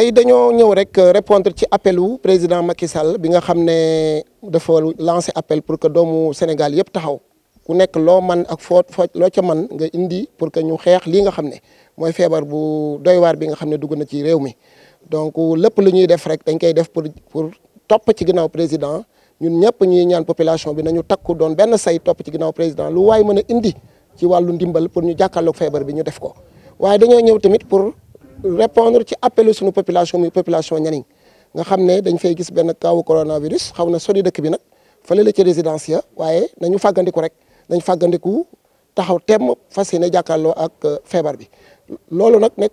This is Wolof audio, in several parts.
tay dañu ñëw rek euh, répondre ci wu président Macky Sall bi nga xamné dafa lancer appel pour que doomu Sénégal yépp taxaw ku nekk lo man ak fo lo ci man nga indi pour que ñu xeex li nga xamné moy fièvre bu doy war bi nga xamné dugg na ci réew mi donc lepp lu ñuy def rek dañ koy def pour pour top ci ginnaw président ñun ñëpp ñuy ñaan population bi nañu takku doon ben say top ci ginnaw président lu way mëna indi ci walu ndimbal pour ñu jakkalok fièvre bi ñu def ko waye dañu ñëw tamit pour répondre ci appelu sur population population Nianing nga que nous dañ fay gis coronavirus nous avons a bi nag fële la ci résidence ya faire nañu choses. rek dañ taxaw nous euh, mais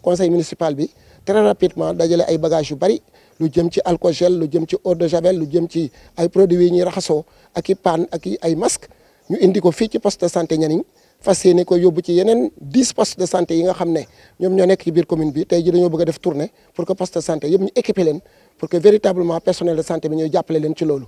conseil municipal très rapidement dajale ay bagages yu bari nous ci alcool gel de javel lu produits des qui masques poste de santé fas yéene ko yóbbu ci yeneen dix postes de santé yi nga xam ne ñoom ñoo ci biir commune bi tey ji dañoo bëgg def tournée pour que poste de santé yëpp ñu équiper leen pour que véritablement personnel de santé bi ñooy jàppale leen ci loolu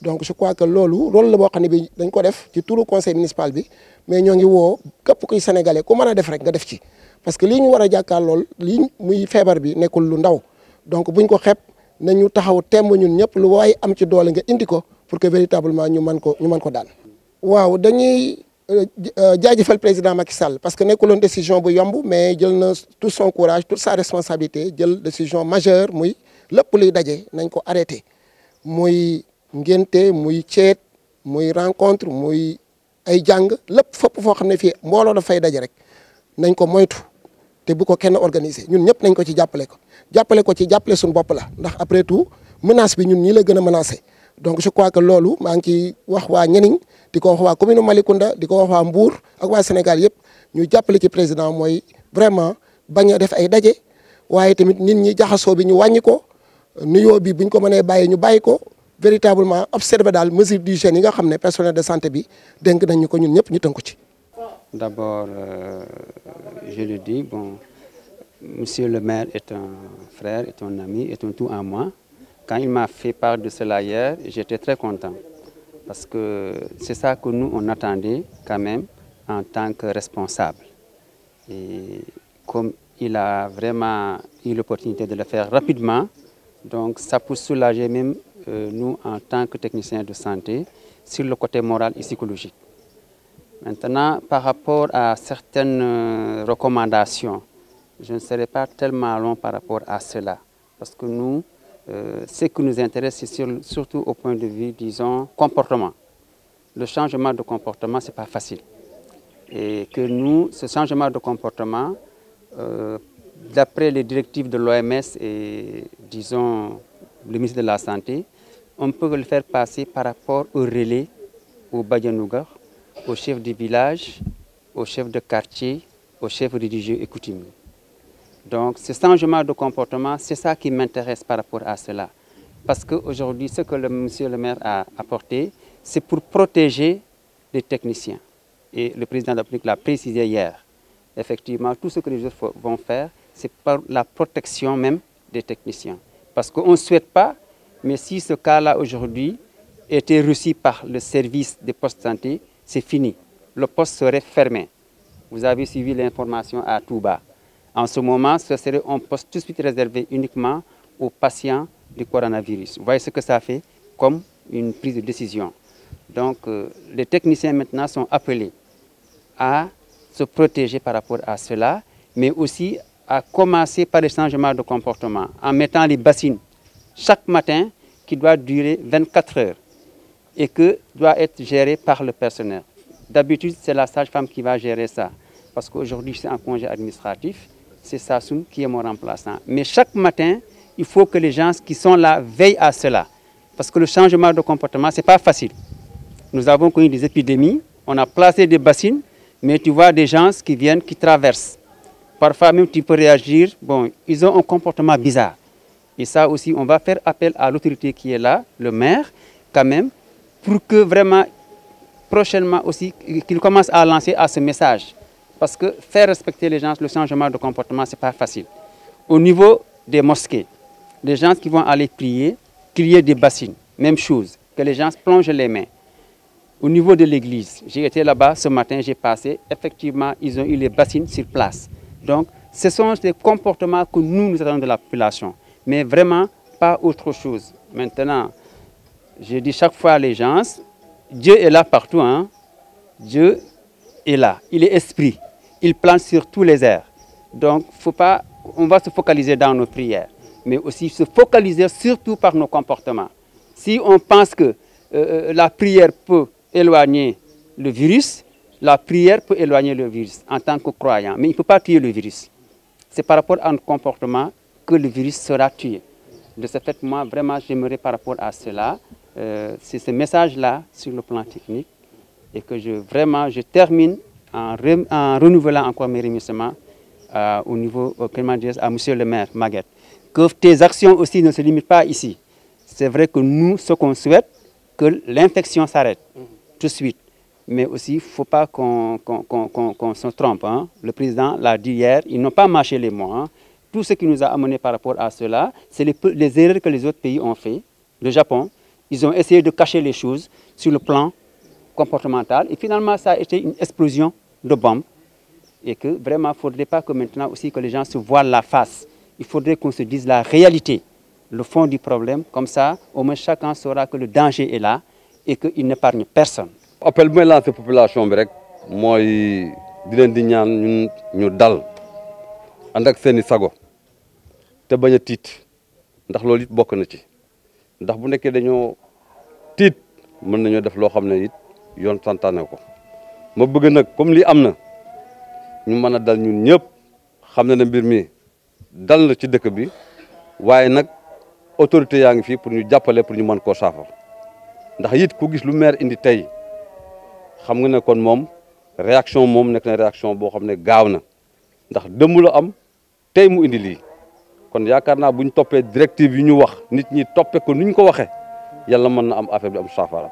donc je crois que rôle la bi dañ ko def ci turu conseil municipal bi mais ñoo ngi woo képp kuy sénégalais ku mën a def rek nga def ci parce que lii ñu war a jàkkaar lool lii muy feebar bi nekkul lu ndaw donc buñ ko xeeb nañu taxaw temb ñun ñëpp lu waaye am ci doole nga indi ko pour que véritablement ñu ko ñu ko daan waaw dañuy Euh, euh, le président Macky Sall parce que nekkuloon décision bu yomb mais jël na tout son courage toute sa responsabilité jël décision majeure muy lepp luy dajé nañ ko arrêté muy ngenté muy ciet muy rencontre muy ay jang lepp fop fo xamné ne mbolo na fay dajé rek nañ ko moytu té bu ko kenn organiser ñun ñep nañ ko ci jappalé ko jappalé ko ci jappalé sun bop la ndax après tout menace bi ñun ñi la gëna menacer donc je crois que lolu ma ngi wax wa Nianing di wax wa commune malikunda di wax wa Mbour ak wa Sénégal yëpp ñu jàppale ci président moy vraiment baña def ay dajé waye tamit nit ñi jaxaso bi ñu wañiko ko bi buñ ko mëne bàyyi ñu bayiko ko véritablement observer dal mesure d'hygiène yi nga xamné personnel de santé bi dénk nañ ko ñun ñëpp ñu tënku ci. D'abord, euh, je le dis, bon, monsieur le maire est un frère, est un ami, est un tout à moi. Quand il m'a fait part de cela hier, j'étais très content. Parce que c'est ça que nous, on attendait quand même en tant que responsable. Et comme il a vraiment eu l'opportunité de le faire rapidement, donc ça peut soulager même euh, nous en tant que technicien de santé sur le côté moral et psychologique. Maintenant, par rapport à certaines euh, recommandations, je ne serai pas tellement long par rapport à cela, parce que nous, euh, ce qui nous intéresse, c'est surtout au point de vue, disons, comportement. Le changement de comportement, ce n'est pas facile. Et que nous, ce changement de comportement, euh, d'après les directives de l'OMS et, disons, le ministre de la Santé, on peut le faire passer par rapport au relais, au Bayanouga, au chef du village, au chef de quartier, au chef religieux et coutumier. Donc ce changement de comportement, c'est ça qui m'intéresse par rapport à cela. Parce qu'aujourd'hui, ce que le monsieur le maire a apporté, c'est pour protéger les techniciens. Et le président de la République l'a précisé hier. Effectivement, tout ce que les autres vont faire, c'est par la protection même des techniciens. Parce qu'on ne souhaite pas, mais si ce cas-là aujourd'hui était reçu par le service des postes santé, c'est fini. Le poste serait fermé. Vous avez suivi l'information à tout bas. En ce moment, ce serait un poste tout de suite réservé uniquement aux patients du coronavirus. Vous voyez ce que ça fait comme une prise de décision. Donc, euh, les techniciens maintenant sont appelés à se protéger par rapport à cela, mais aussi à commencer par des changements de comportement en mettant les bassines chaque matin qui doit durer 24 heures et que doit être géré par le personnel. D'habitude, c'est la sage-femme qui va gérer ça parce qu'aujourd'hui, c'est un congé administratif c'est Sassoum qui est mon remplaçant. Mais chaque matin, il faut que les gens qui sont là veillent à cela. Parce que le changement de comportement, ce n'est pas facile. Nous avons connu des épidémies, on a placé des bassines, mais tu vois des gens qui viennent, qui traversent. Parfois même, tu peux réagir. Bon, ils ont un comportement bizarre. Et ça aussi, on va faire appel à l'autorité qui est là, le maire, quand même, pour que vraiment, prochainement aussi, qu'il commence à lancer à ce message. Parce que faire respecter les gens, le changement de comportement, ce n'est pas facile. Au niveau des mosquées, les gens qui vont aller prier, crier des bassines, même chose, que les gens plongent les mains. Au niveau de l'église, j'ai été là-bas ce matin, j'ai passé, effectivement, ils ont eu les bassines sur place. Donc, ce sont des comportements que nous, nous attendons de la population, mais vraiment pas autre chose. Maintenant, je dis chaque fois à les gens, Dieu est là partout, hein. Dieu est là, il est esprit il plante sur tous les airs. Donc, faut pas, on va se focaliser dans nos prières, mais aussi se focaliser surtout par nos comportements. Si on pense que euh, euh, la prière peut éloigner le virus, la prière peut éloigner le virus en tant que croyant, mais il ne peut pas tuer le virus. C'est par rapport à nos comportement que le virus sera tué. De ce fait, moi, vraiment, j'aimerais par rapport à cela, euh, c'est ce message-là sur le plan technique, et que je, vraiment, je termine en, renouvelant encore mes remerciements euh, au niveau au euh, à Monsieur le maire Maguette. Que tes actions aussi ne se limitent pas ici. C'est vrai que nous, ce qu'on souhaite, que l'infection s'arrête mhm. tout de suite. Mais aussi, il ne faut pas qu'on qu se trompe. Hein. Le président l'a dit hier, ils n'ont pas marché les mois. Hein. Tout ce qui nous a amené par rapport à cela, c'est les, les erreurs que les autres pays ont fait. Le Japon, ils ont essayé de cacher les choses sur le plan comportementale. Et finalement, ça a été une explosion de bombes. Et que vraiment, il ne faudrait pas que maintenant aussi que les gens se voient la face. Il faudrait qu'on se dise la réalité, le fond du problème. Comme ça, au moins chacun saura que le danger est là et qu'il n'épargne personne. Appel moi la population bi rek mooy di leen di ñaan ñun ñu dal ànd seeni sago te bañ a tiit ndax Nous it bokk na ci ndax bu nekkee dañoo tiit mën nañoo def loo xam ne yoon santaane ko ma bëgg nag comme lii am na ñu mën a dal ñun ñëpp xam na ne mbir mi dal na ci dëkk bi waaye nag autorité yaa ngi fii pour ñu jàppale pour ñu mën koo saafara ndax it ku gis lu maire indi tey xam nga ne kon moom réaction moom nekk na réaction boo xam ne gaaw na ndax dëmb la am tey mu indi lii kon yaakaar naa bu ñu toppee directive yi ñu wax nit ñi toppee ko ni ñu ko waxee yàlla mën na am affaire bi am saafara.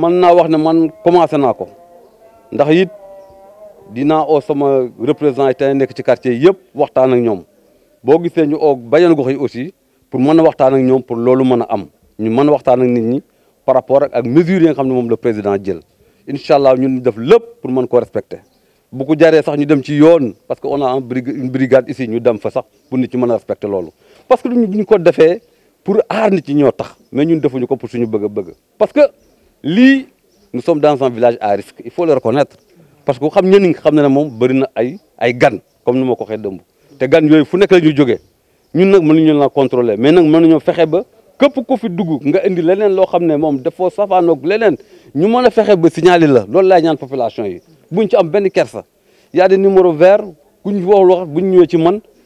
man naa wax ne man commencé naa ko ndax it dinaa oo sama représentant yi nekk ci quartier yëpp waxtaan ak ñoom boo gisee ñu oog bañeen gox yi aussi pour mën a waxtaan ak ñoom pour loolu mën a am ñu mën a waxtaan ak nit ñi par rapport ak mesures yi xam ne moom la président jël incha allah ñun def lépp pour mën koo respecter bu ko jaree sax ñu dem ci yoon parce que on a une brigade ici ñu dem fa sax pour nit ñi mën a respecter loolu parce que ñu ko defee pour aar ci ñoo tax mais ñun defuñu ko pour suñu bëgg-bëgg parce que li nous sommes dans un village à risque il faut le reconnaître parce que xam ñenn ñi xam na mom bari na ay ay gan comme ni ma ko waxee dëmb te gan yoy fu nek la ñu jógee ñun mënu ñu la contrôler mais nak mënu mënuñoo fexé ba kep ku fi dugg nga indi leneen lo xamné mom defo dafoo safaanoog leneen ñu mëna fexé ba signaler la loolu laay ñaan population yi buñ ci am benn kersa y a des numéros verts kuñ wax wax buñ ñëwee ci man